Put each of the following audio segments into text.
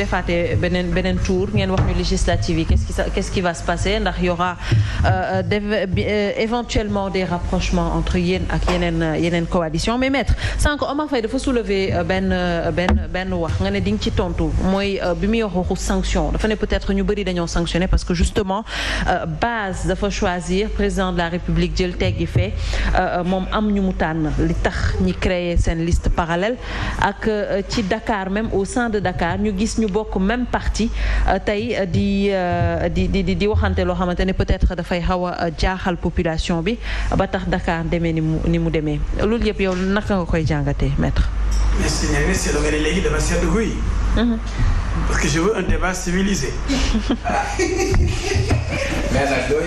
defaatee beneen beneen tour ngeen wax ñu législative yi qu'est-ce qui qu'est-ce qui va se passer ndax y aura euh, euh, euh, ak yeneen yeneen coalition mais maître sànq Omar Faye dafa soulever benn benn benn wax nga ne di nga ci tontu mooy bi muy wax waxu sanction dafa ne peut-être ñu bëri dañoo sanctionné parce que justement base dafa choisir président de la République jël teggi fee moom am ñu mu tànn li tax ñi créer seen liste parallèle ak ci Dakar même au sein de Dakar ñu gis ñu bokk même parti euh, tey euh, euh, di di di di waxante loo xamante ne peut-être dafay xaw a jaaxal population bi ba tax Dakar demee ni mu ni mu demee loolu yëpp yow naka nga koy jàngatee maître. merci mhm. ñeneen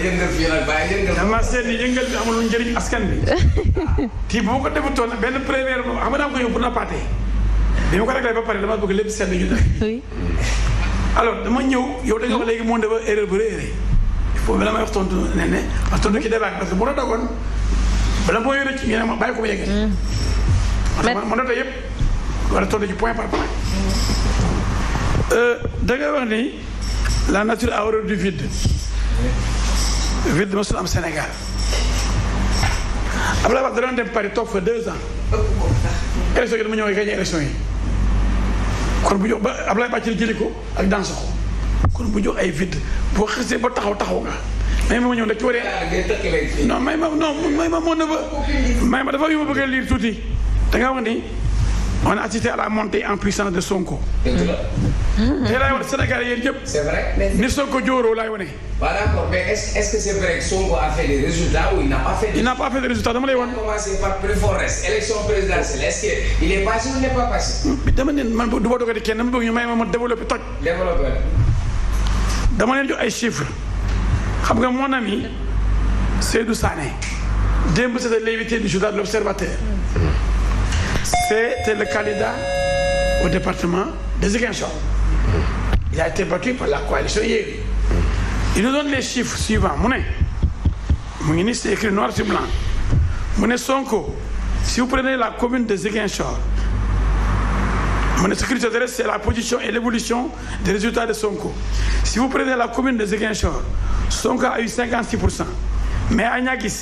yëngal fii amul njëriñ askan bi. ti bu ko defutoon benn première boobu xam nga daa ko nappaatee. bi ma ko réglé ba pare dama bëgg lépp sedd ñu def. alors dama ñëw yow da nga léegi moom dafa erreur bu réeré il faut bala may wax tontu ne ne parce que la dogoon bala yore ci ñu ma bàyyi ko ba yeggee. Mm. mais parce que yëpp war point par point. Euh, da wax ni la nature a horreur du vide. vide mosul am Sénégal. Abdoulaye Wade da doon dem Paris toog fa deux élection yi. kon bu jox ba Ablaye Bàcc jëlee ko ak danse ko kon bu jox ay vide boo xasee ba taxaw taxaw nga may ma ñëw nag ci waree ah, non may ma non may ma moo na ba may ma dafa yu ma bëgg a liir tuuti da nga wax ni on a assisté à la montée en puissance de Sonko. dëgg ah. la. tey laay wane Sénégal yéen ñëpp. c'est vrai ni Sonko jóoroo laay wane. voilà d'accord mais est-ce est-ce que c'est vrai que Sonko a fait des résultats ou il n'a pas fait. il n'a pas fait de résultats dama lay wan. on a commencé par Préforest élection présidentielle est-ce que il est passé ou il n'est pas passé. dama ne man du ma dogoog kenn dama bëgg ñu may ma ma développé toj. développé. dama leen jox ay chiffres xam nga mon ami Seydou Sané démb c'était l'invité du journal de l'Observateur. C'était le candidat au département de Ziguinchor. Il a été battu par la coalition Yewwi. Il nous donne les chiffres suivants mu ne mu ngi ni c'est mu ne Sonko si vous prenez la commune de Ziguinchor mu ne ce qui nous intéresse c'est la position et l'évolution des résultats de Sonko si vous prenez la commune de Ziguinchor Sonko a eu pour cent mais à Niaguis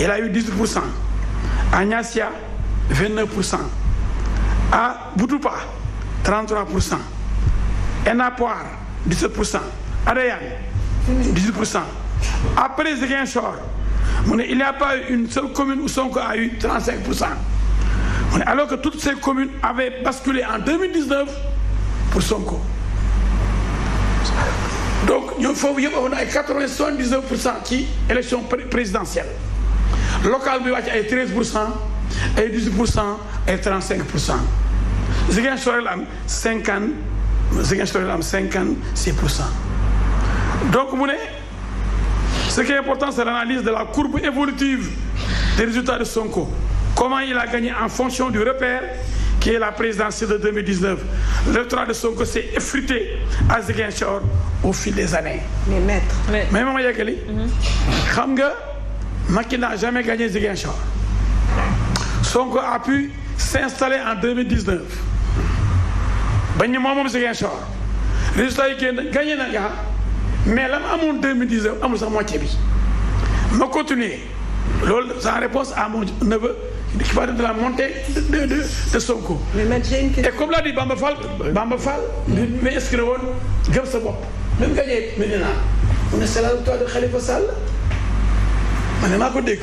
il a eu 18 pour vingt neuf pour cent à Boutoupa 33 pour cent Ena Poire 17 pour cent Adéane 18 pour cent après Ziguinchor mu ne il n'y a pas eu une seule commune où Sonko a eu 35 pour cent mu ne alors que toutes ces communes avaient basculé en 2019 pour Sonko donc ñoom foofu yëpp amoon na ay 99 pour cent ci élection présidentielle locale bi wàcc ay 13 pour cent ay 18 pour cent ay 35 pour cent Ziguinchor la am 50 Ziguinchor la am 56 pour cent donc mu ne est important c'est l'analyse la courbe évolutive des de Sonko comment il a en fonction du repère qui la présidentielle de 2019 l'électorat de Sonko s'est effrité à Ziguinchor au fil des années. mais maître mais mais a yeggali. Mhm. xam nga Macky n'a jamais gagné Sonko a pu s'installer en 2019 bañ ne moom moom Ziguinchor résultat yi génn gagné na nga mais la mu amoon 2019 amul sax moitié bi ma continuer loolu sans réponse à mon neveu qui parle de la montée de de de Sonko. mais man et comme l'a dit Bamba Fall Bamba Fall. li mu woon gëm sa bopp. même gagné Medina mu ne c'est la victoire de Khalifa Sall ma ne maa ko dégg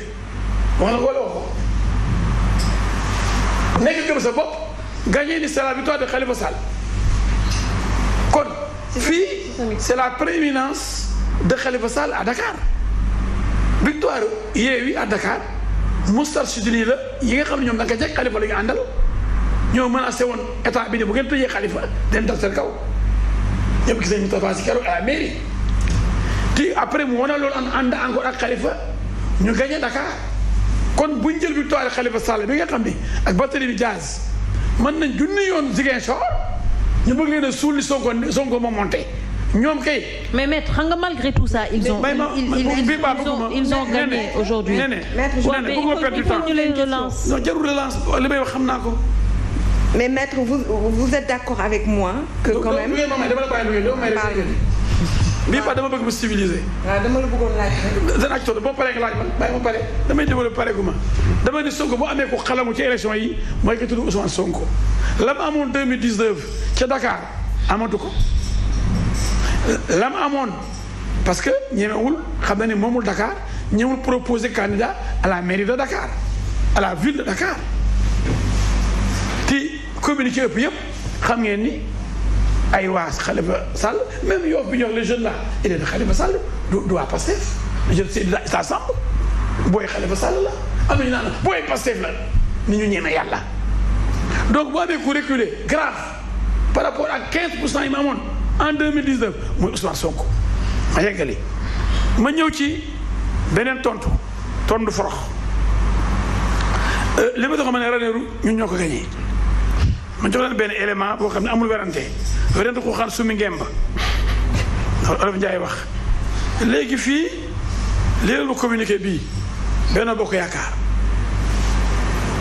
nekk gëm sa bopp gagné l'histoire victoire de Khalifa kon fii c'est la prééminence de Khalifa Sall à Dakar victoire Yewwi à Dakar Moustarchidine yi la yi nga xam ne ñoom da nga ko ñoo menacé woon état bi ne bu ngeen tëjee Khalifa den dal seen kaw ñëpp gis nañu Moustapha Sy keroog mairie te après mu wane loolu ànd encore ak Khalifa ñu gagné Dakar kon buñ jël victoire ba Sall bi nga xam ni ak Barthélémy Dias man nañ junni yoon Ziguinchor ñu bëgg leen a suul Sonko son ma monté ñoom kay. mais maître xam nga malgré tout ça ils ont ils ont ils ont gagné aujourd'hui nee ñu leen relance non jarul relance oh, li may wax xam naa ko. mais maître vous vous êtes d'accord avec moi. que quand même dama la bàyyi bii ba dama bëgg mu civilisé. waaw ah, dama la bëggoon laaj. danaa ci tontu boo paree nga laaj man bàyyi ma pare damay développé ma. dama ne Sonko bu amee ko xalamu ci élection yi mooy ki tudd Ousmane Sonko la mu amoon 2019 ca Dakar amatu ko la mu amoon parce que ñemewul xam na ne moomul Dakar ñëwul proposé candidat à la mairie de Dakar à la ville de Dakar ti communiqué ëpp yëpp xam ngeen ni. ay waa Khalifa Sall même yow bi ñu wax les jeunes là il est de Khalifa Sall du du waa Pastef les jeunes c'est Issa Samb booy Khalifa Sall la am naan booy Pastef la ni ñu ñeme yàlla. donc boo amee ku reculer grave par rapport ak 15 pour cent yi ma amoon en 2019 mooy Ousmane Sonko ma yeggali ma ñëw ci beneen tontu tontu forox euh, li ma doon ma ne ren ñun ñoo ko ma jox leen benn élément boo xam ne amul werante. werante ku xar sumi ngemba olof Njaay wax léegi fii léeral ba communiqué bii benn bokk yaakaar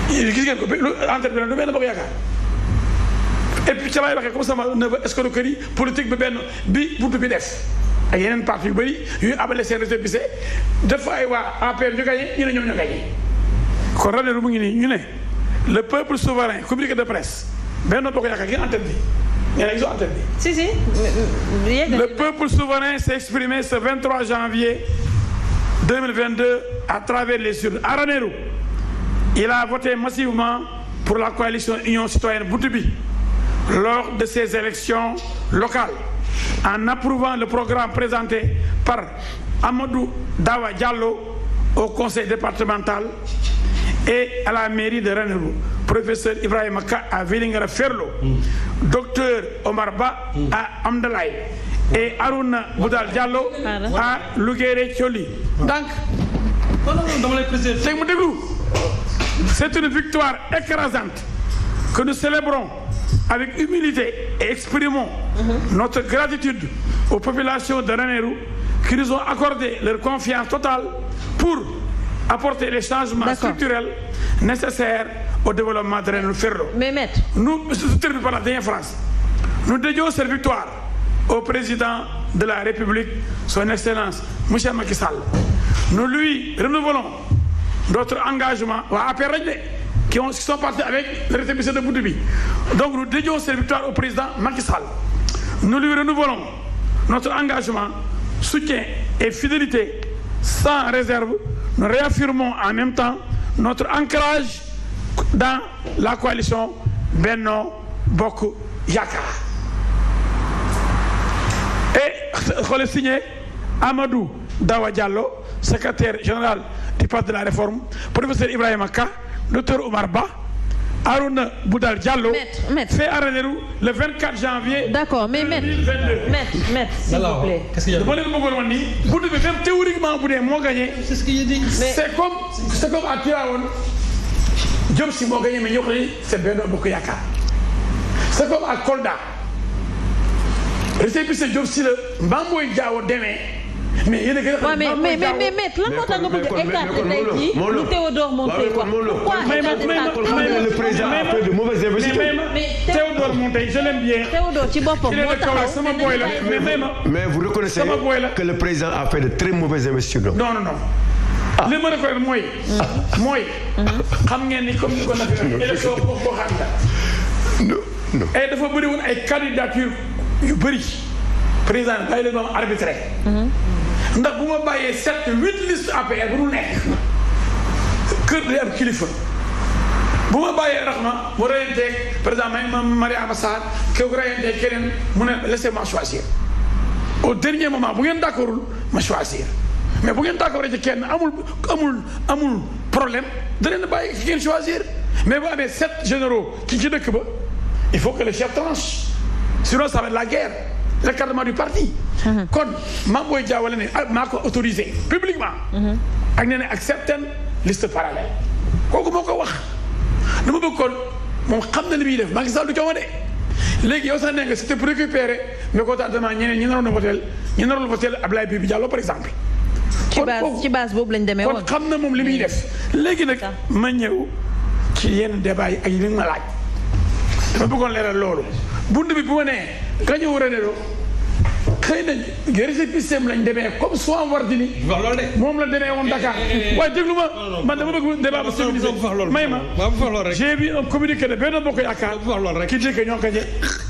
gis ngeen ko entre benn du benn bokk yaakaar et puis ca may waxee comme sama ne escroquerie politique bi benn bi buntu bi def ak yeneen parti yu bëri yuy abale seen def dafa ay waa APR ñu gañe ñu ne ñoom ñu gañe kon rajo mu ngi nii ñu ne le peuple souverain communiqué de presse benn bokk yaakaar ngeen antenne bi mais nag ils ont entendu. si si. le peuple souverain s'est exprimé ce 23 janvier 2022 à travers les urnes à Ranérou il a pour la coalition Union citoyenne Boutoubi de ces élections locales en approuvant le programme présenté par Amadou Dawa Diallo au conseil départemental et à la mairie de Ranérou, professeur Ibrahim Aka à Vélingara Ferlo, mm. Omar Ba mm. à Amdalaï et Aruna Boudal Diallo à Lugere Choli. c'est une victoire écrasante que nous célébrons avec humilité et exprimons mm-hmm. notre gratitude aux populations de Ranérou qui nous ont accordé leur confiance totale pour apporter les changements structurels nécessaires au développement de Renault Ferlo. Mais maître. Nous, je par la dernière phrase. Nous dédions cette au président de la République, son Excellence, Monsieur Macky Nous lui renouvelons notre engagement à APRD, qui, ont, qui sont partis avec le rétablissement de Boudoubi. Donc nous dédions cette au président Macky Sall. Nous lui renouvelons notre engagement, soutien et fidélité sans réserve nous réaffirmons en même temps notre ancrage dans la coalition Benno Bokk Yakaar et xoolal signe Amadou Dawa Diallo secrétaire général du parti de la réforme professeur Ibrahima Ka docteur Omar Ba Aruna Boudal Diallo. maître maître fait le 24 janvier. d'accord mais maître maître maître s'il vous plaît. qu'est-ce que dama leen bëggoon wax nii. guddi bi même théoriquement bu dee moo c'est comme c'est comme à Tivaouane si moo gagné mais ñoo ko nii c'est Benno Bokk c'est comme à Kolda récépissé Diop si la Mbamboy Diawo demee. mais yéen a gën a xam mais mais mais mais lan moo tax nga bëgg a écarter tey jii lu Théodore Montey wax pourquoi écarter ça comme le président a fait de mauvais investissements mais Théodore Montey je l'aime bien Théodore ci boppam moo taxaw sama boy la mais vous reconnaissez que le président a fait de très mauvais investissements non non non ah. li ma référé mooy ah. mooy xam ngeen ni comme ni ko nag élection boo xam la et dafa bëri woon ay candidature yu bëri président bàyyi leen moom arbitré mm-hmm. ndax bu ma bàyyee set huit liste APR bu nu nekk am kilifa bu ma bàyyee rax ma mu reyanteeg par exemple ma Mariama Sarr kooku reyanteeg keneen mu ne laissez-moi choisir au dernier moment bu ngeen d'accordul ma choisir mais bu ngeen d'accord ci kenn amul amul amul problème da leen bàyyi ki mais bu amee sept généraux ki ci dëkk ba il faut que le chef tranche sinon ça va la guerre recadrement du parti. Mhm. kon Mame Boye Diao la ne ah, maa ko autorisé publiquement. Mhm. ak nee ak certaines listes parallèles kooku moo ko wax nu ma bëgg kon moom xam na li muy def Macky Sall du coono de léegi yow sax nee nga c'était pour récupérer mais contentement ñeneen ñi naroon na votel ñi naroon na votel Ablaye Bibi Diallo par exemple. ci base ci base boobu lañ demee woon kon xam na moom li muy def. léegi nag ma ñëw ci yenn débat yi ak yi ma laaj ma bëggoon leeral loolu. bund bi bu ma nee ka ñu war a ne xëy na récépissé lañ demee comme Soham Wardini moom la demee woon Dakar eh, eh, eh, waaye déglu ma man dama bëgg débat bu civilisé may ma j'ai vu un communiqué de Benno Bokk Yaakaar qui dit que ñoo gagné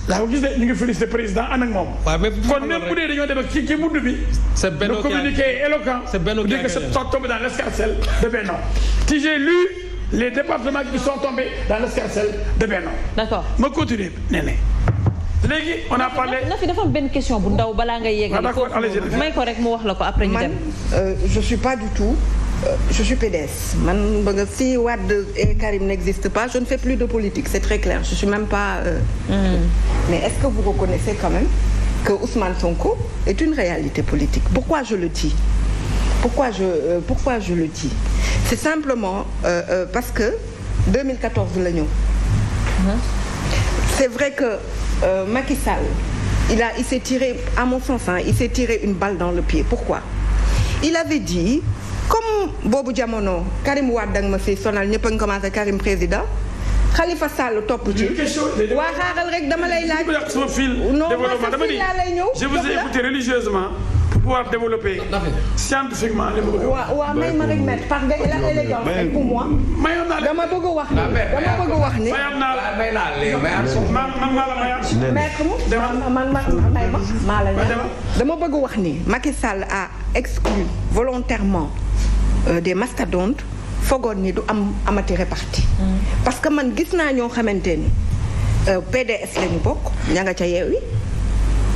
daa ko gis de ñu ngi félicité président ànd moom kon même bu dee dañoo dem ci ci mund bi le communiqué est éloquent pour dire dans l'escarcelle de Benno si lu les départements qui sont tombés dans l'escarcelle de Benno d'accord ma continuer léegi on a parlé na fi dafa am benn question bu ndaw balaa ngay yeggali ah, foofu may ko rek mu wax la ko après ñu dem man euh, je suis pas du tout euh, je suis PDS man ba nga si Wade et Karim n'existe pas je ne fais plus de politique c'est très clair je suis même pas euh, hmm. mais est-ce que vous reconnaissez quand même que Ousmane Sonko est une réalité politique pourquoi je le dis pourquoi je euh, pourquoi je le dis c'est simplement euh, euh, parce que 2014 la ñëw c'est vrai que euh, Macky Sall il a il s'est tiré à mon sens hein, s'est tiré une balle dans le pied pourquoi il avait dit comme boobu jamono Karim Wade da ma sonal ñëpp a ngi commencé Karim président Khalifa Sall topp ci. waa xaaral rek dama lay laaj. non sa fil laa lay ñëw. je vous ai écouté religieusement. pour pouvoir développer scientifiquement li ma bëgg a wax. may ma rek mettre parce que il a élégance rek pour moi. mayoon naa dama bëgg a wax ni dama bëgg a wax ni. mayoon naa la may naa la man man maa la mayoon. maître mu man man may ma maa la dama bëgg a wax ni Macky Sall a exclu volontairement euh, des mastodontes fogoon ni du am amati réparti. Mm. parce que man gis naa ñoo xamante ni euh, PDS la ñu bokk ña nga ca yeewi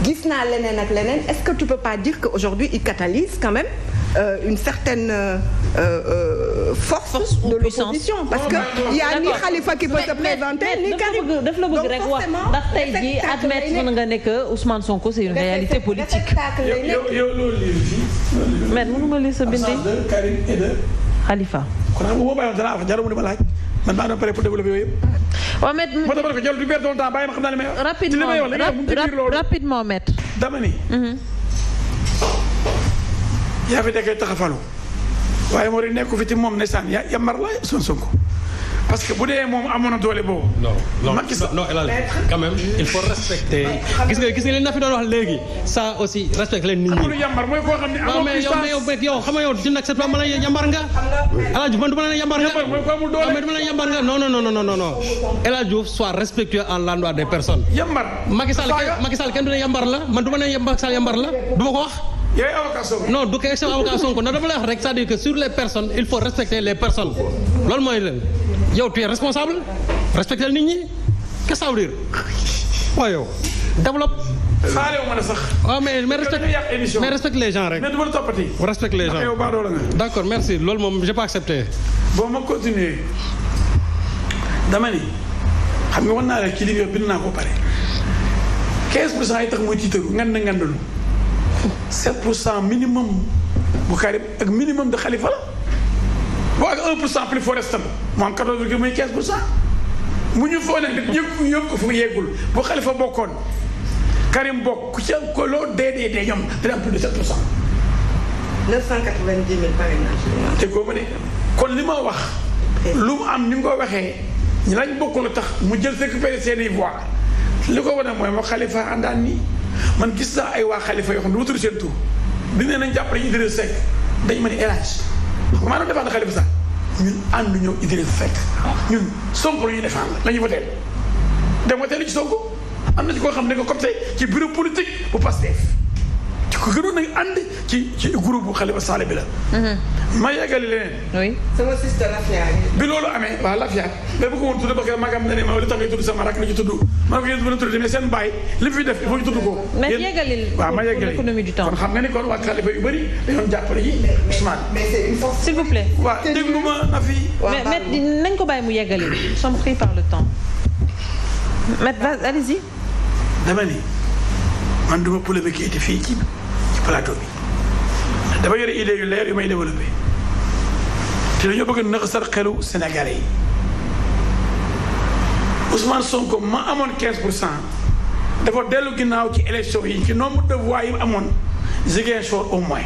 gis naa leneen ak leneen est-ce que tu peux pas dire que aujourd'hui il catalyse quand même euh, une certaine euh, euh, euh force, force de l'opposition parce que il y a ni Khalifa qui peut se présenter ni Karim daf la bëgg rek wax ndax tey jii admettre mën nga ne que Ousmane Sonko c'est une réalité politique yow loolu lii fii mais mënuma lii sa bindi Karim et de Khalifa kon xam nga boo bàyyoon dara wax jarul ma di ma laaj man maa doon pare pour développer yooyu yëpp. waaw maître moo tax ma ko jël du perdre ton temps bàyyi ma xam naa li may wax. ci li may wax li nga wax rapidement maître. Mhm. waaye moo di nekku fi ci moom ne saan ya la son sonko parce que bu dee moom amoon na doole boobu. non Macky Sall non El quand même gis nga léegi ça aussi respecte leen nit ñi. amul xam ne amul puissance mais yow mais yow xam nga yow dina accepté la yambar des personnes. yambar Macky Sall kenn du ne yambar la man du ma ne yambar la du ma ko wax. yaay avocat Sonko. non du question avocat Sonko na dama lay wax rek c'est-à-dire que sur les personnes il faut respecter les personnes loolu mooy leen yow tu es responsable respecter nit ñi que ça veut yow développe. faale wu sax. waaw mais mais respecte mais respecte les gens rek. mais du toppati. respecte les gens yow d'accord merci loolu moom j'ai pas accepté. bon ma continuer xam nga war naa la ci livre bind naa ko pare 15 pour cent yi tax muy tiitaru ngan na ngandalu. 7 pour cent minimum bu Karim ak minimum de xalifa la boo ak 1 pour cent plus fort restant mu am 14 virgule muy 15 pour cent mu ñu foo nekk ñëpp ñëpp ko fu yeggul bu xalifa bokkoon Karim bokk ku ca ko loo dee dee dee ñoom dina am plus te koo ma kon li ma wax. lu mu am ni mu ko waxee ñu lañ bokkul tax mu jël récupérer seen i li ko wane mooy ma Khalifa àndaan nii. man gis naa ay waa xalifa yoo xam ne du ma tudd seen tur di ne nañ jàppale Idrissa Seck dañ ma ni élage maanaam défendre xalifa sax ñun ànd ñëw Idrissa Seck ñun Sonko la ñuy défendre la ñuy voteel dem voteel ci Sonko am na ci koo xam ne nga copté ci bureau politique bu Pastef ko gënoon nañ ànd ci ci groupe bu Khalifa Sall bi la. Mhm. ma yeggali leneen. oui sama sister Lafia. bi loolu amee waaw Lafia mais bu ko woon tudd parce que magam ne ne ma li tax ngay tudd sama rakk na ci tudd ma ne ko yéen bu leen tudd mais seen baay li fi def il faut ñu tudd ko. mais yeggali waaw ma yeggali kon xam nga ni kon waa Khalifa yu bëri dañoon jàppale ji Ousmane. s'il vous plaît. waaw déglu ma na fi. mais nañ ko bàyyi mu yeggali nous sommes pris par le temps. Maître, allez-y. dama ni man duma polémique fii ci. plateau bi dama yore idée yu leer yu may développé te dañoo bëgg nëx sar xelu Sénégalais yi Ousmane Sonko ma amoon 15 pour cent dafa dellu ginnaaw ci élection yi ci nombre de voix yi mu amoon Ziguinchor au moins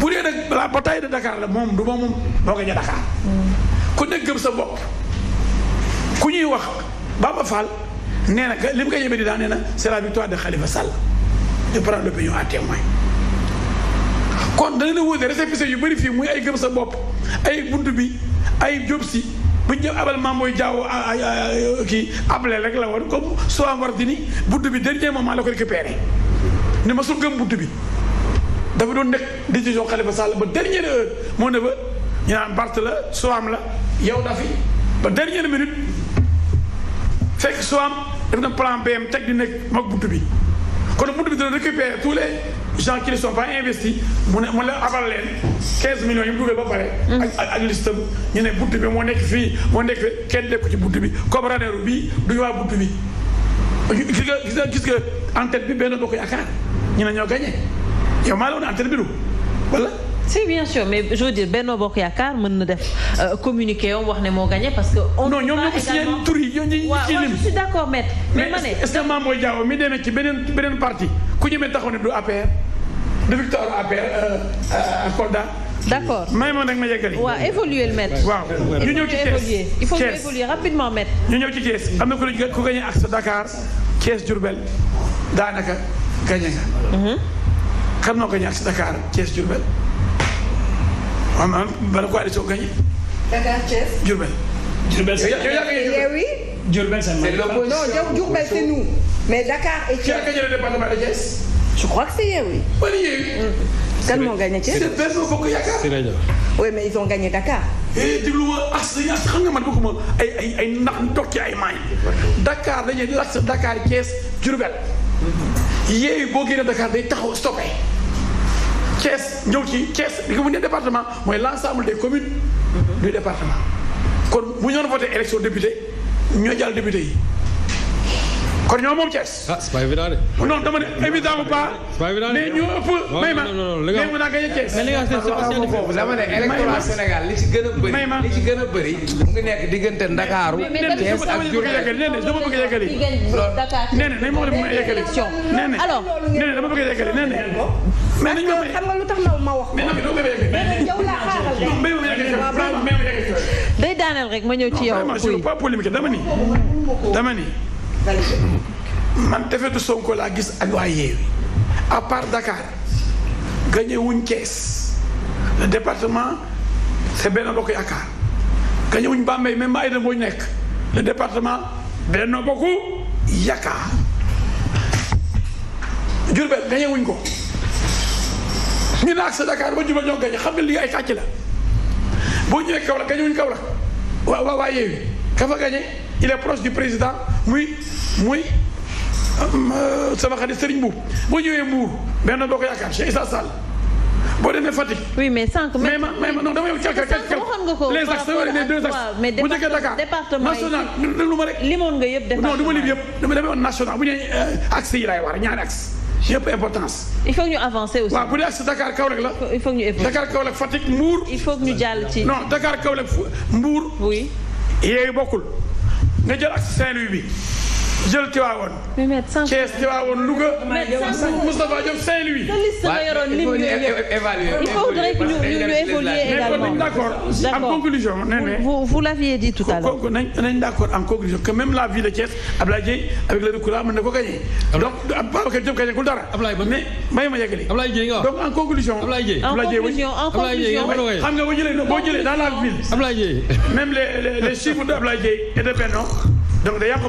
bu dee nag la bataille de Dakar la moom du ma moom moo gañe ku nekk gëm sa bopp ku ñuy wax Baba Fall nee na li mu ko yëbe di daan nee na c'est la victoire de Khalifa Sall je prends l'opinion à témoin kon dana la wóote récépissé yu bëri fii muy ay gëm sa bopp ay bunt bi ay job si bu jëm abal maam mooy jaaw kii appelé rek la woon comme souvent war di ni bunt bi dernier moment la ko récupéré ne ma su gëm bi dafa doon nekk décision Khalifa Sall ba dernière heure moo ne ba ñu naan Bart la Soham la yow dafi ba dernière minute fekk Soham def na plan BM teg di nekk mag bunt bi kon bunt bi dana récupéré tous les gens qui ne sont pas investis mu ne mu la abal leen 15 millions yi mu dugal ba pare. Mm. ak ak ñu ne bunt bi moo nekk fii moo nekk fii kenn nekk ci bunt bi comme raneeru bii du ñu waa bunt bi. gis nga gis nga gis nga en tête bi benn bokk yaakaar ñu ne ñoo gagné yow na def euh, communiqué wax ne parce que. on non ñoom ñoo ko d'accord maître. mais ma ne est mi demee ci beneen parti ku ñu mën taxaw du APR. de victoire APR Kolda. d' accord may ma nag ma yeggali. waaw évoluer le maître. waaw ñu ñëw ci Thiès il faut que évoluer rapidement maître. ñu ñëw ci Thiès am na ku ne ku gagné ak sa Dakar Thiès Diourbel daanaka gagné nga. Mhm. kan moo gagné ak sa Dakar Thiès Diourbel. waaw man bala coalition gagné. Dakar Thiès Diourbel. Diourbel c' est eh oui. Diourbel c' est non Diourbel c' est nous mais Dakar et Thiès. qui a gagné le département de Thiès. je crois que c'est Yewwi. man Yewwi. kan moo gagné Thiès. c'est Benno Bokk Yaakaar. c'est vrai mais ils ont gagné Dakar. Eh, déglu ma as nañu eh, as xam nga man bëgguma ay ay ay ndax ñu toog ci ay maay. Dakar dañuy lax Dakar Thiès Diourbel. Yewwi boo génnee Dakar day taxaw stoppé. Thiès ñëw ci Thiès li ko mën département mooy l'ensemble des communes. du département. kon bu ñor doon voté élection député ñoo jàll député yi. kon ñoo moom Thiès. ah c'est pas évident de. non dama ne évident ou pas. c'est pas évident de mais ñoo ëpp. may ma may ma naa gagné Thiès. mais li nga xam dama ne électorat Sénégal li ci gën a bëri. may ma li ci gën a bëri. mu ngi nekk diggante Ndakaaru. Thiès ak Diourbel nee na dama bëgg a yeggali nee na dama bëgg a yeggali. nee na alors nee na dama bëgg a yeggali nee na. mais nañu ma xam nga lu tax na ma wax. mais nag dama bëgg a yeggali. mais nag yow laa xaaral de. day daaneel rek ma ñëw ci yow. dama ni dama ni validé hmm. man defetu Sonko laa gis ak waa Yewwi à part Dakar gagné wuñ Thiès le département c'est Benno Bokk Yaakaar gagné wuñ Bambey même Aïda Mbodj nekk le département Benno Bokk Yaakaar Diourbel gagné wuñ ko ñu naag sa Dakar ba Diourbel ñoo gagné xam nga lii ay kàcc la boo ñëwee Kaolack gagné wuñ Kaolack waaw waaw waa Yewwi ka fa il est proche du président muy muy euh, sama xarit Serigne Mbour boo ñëwee Mbour benn boo ko yaakaar Cheikh Issa Sall boo demee Fatick. oui mais sànq. mais ma mais ma non damay wax quelque quelque waxoon nga ko les axes les deux axes. mais département national déglu ma rek. limoon nga yëpp département non du ma lim yëpp dama demee woon national bu ñu euh, axes yi importance. il faut que avancer aussi. waaw bu dee axe Dakar Kaolack la. il faut que ñu évoluer Dakar Kaolack Fatick Mbour. il faut que ñu jàll non Dakar Kaolack Mbour. oui. yooyu bokkul. nga jël ak Saint-Louis bi jël Tiwaawoon. mais mais sànq Thiès Tiwaawoon Louga. Moustapha Diop Saint-Louis. il faudrait que ñu ñu évoluer également. d'accord en conclusion. vous vous l'aviez dit tout à l'heure. nañ nañ d'accord en conclusion que même la ville de Thiès Abdoulaye avec le recours mën na ko gagner. donc Babacar Diop gagné gul dara. Abdoulaye ba mais may ma yeggali. Abdoulaye Dieye nga wax donc en conclusion. en conclusion en conclusion. xam nga boo jëlee boo jëlee dans la ville. Abdoulaye Dieye. de Abdoulaye Dieye et de Benno donc day yàq ko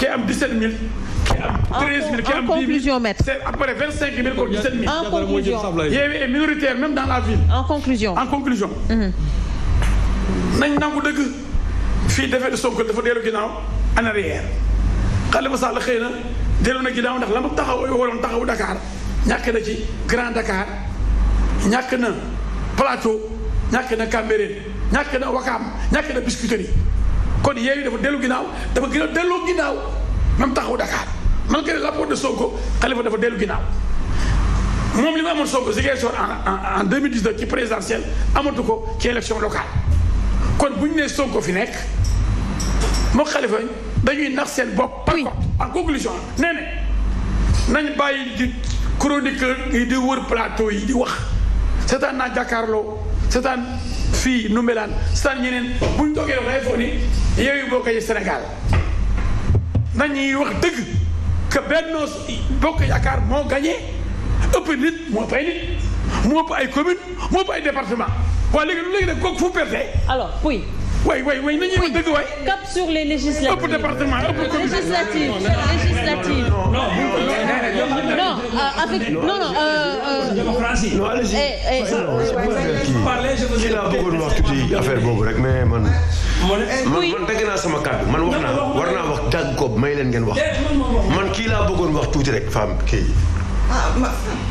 kii am 17000. kii am 13000 kii am 10000 en conclusion maître. c'est à peu près 25000 contre 17000. en conclusion Yewwi est minoritaire même dans la ville. en conclusion en conclusion. Mhm. nañ nangu dëgg fii defee Sonko dafa dellu ginnaaw en arrière Khalifa Sall xëy na dellu na ginnaaw ndax la ma taxaw waroon taxaw Dakar ñàkk na ci Grand Dakar ñàkk na Plateau ñàkk na Cambérène ñàkk na Wakaam ñàkk na Biscuiterie. kon Yewwi dafa dellu ginnaaw dafa gën a delloo ginnaaw même taxawu Dakar malgré l'apport de Sonko Khalifa dafa dellu ginnaaw moom li ma amoon Sonko Ziguinchor en en 2019 ci présidentielle amatu ko ci élection locale kon bu ñu nee Sonko fi nekk moo Khalifa dañuy nax seen bopp. par contre en conclusion nee nañ bàyyi di chroniqueur yi di wër plateau yi di wax seetaan naa jàkkaarloo seetaan fii Ndoumbelane seetaan ñeneen bu ñu toogee wax day foog yooyu bokk yi Sénégal nañuy wax dëgg que Benno Bokk Yaakaar moo gagné ëpp nit moo ëpp ay nit moo ëpp ay commune moo ëpp département waaye léegi lu léegi nag kooku fu perte alors oui way way way nañuy wax dëgg waay. cap législative législative. non euh, avec non non. Euh, euh, démocratie. non allez-y. kii laa bëggoon wax tuuti affaire boobu rek mais man. man man dégg naa sama kàddu man wax wax tàgg may leen ngeen wax eh, man kii laa bëggoon wax tuuti rek femme kii. Ah,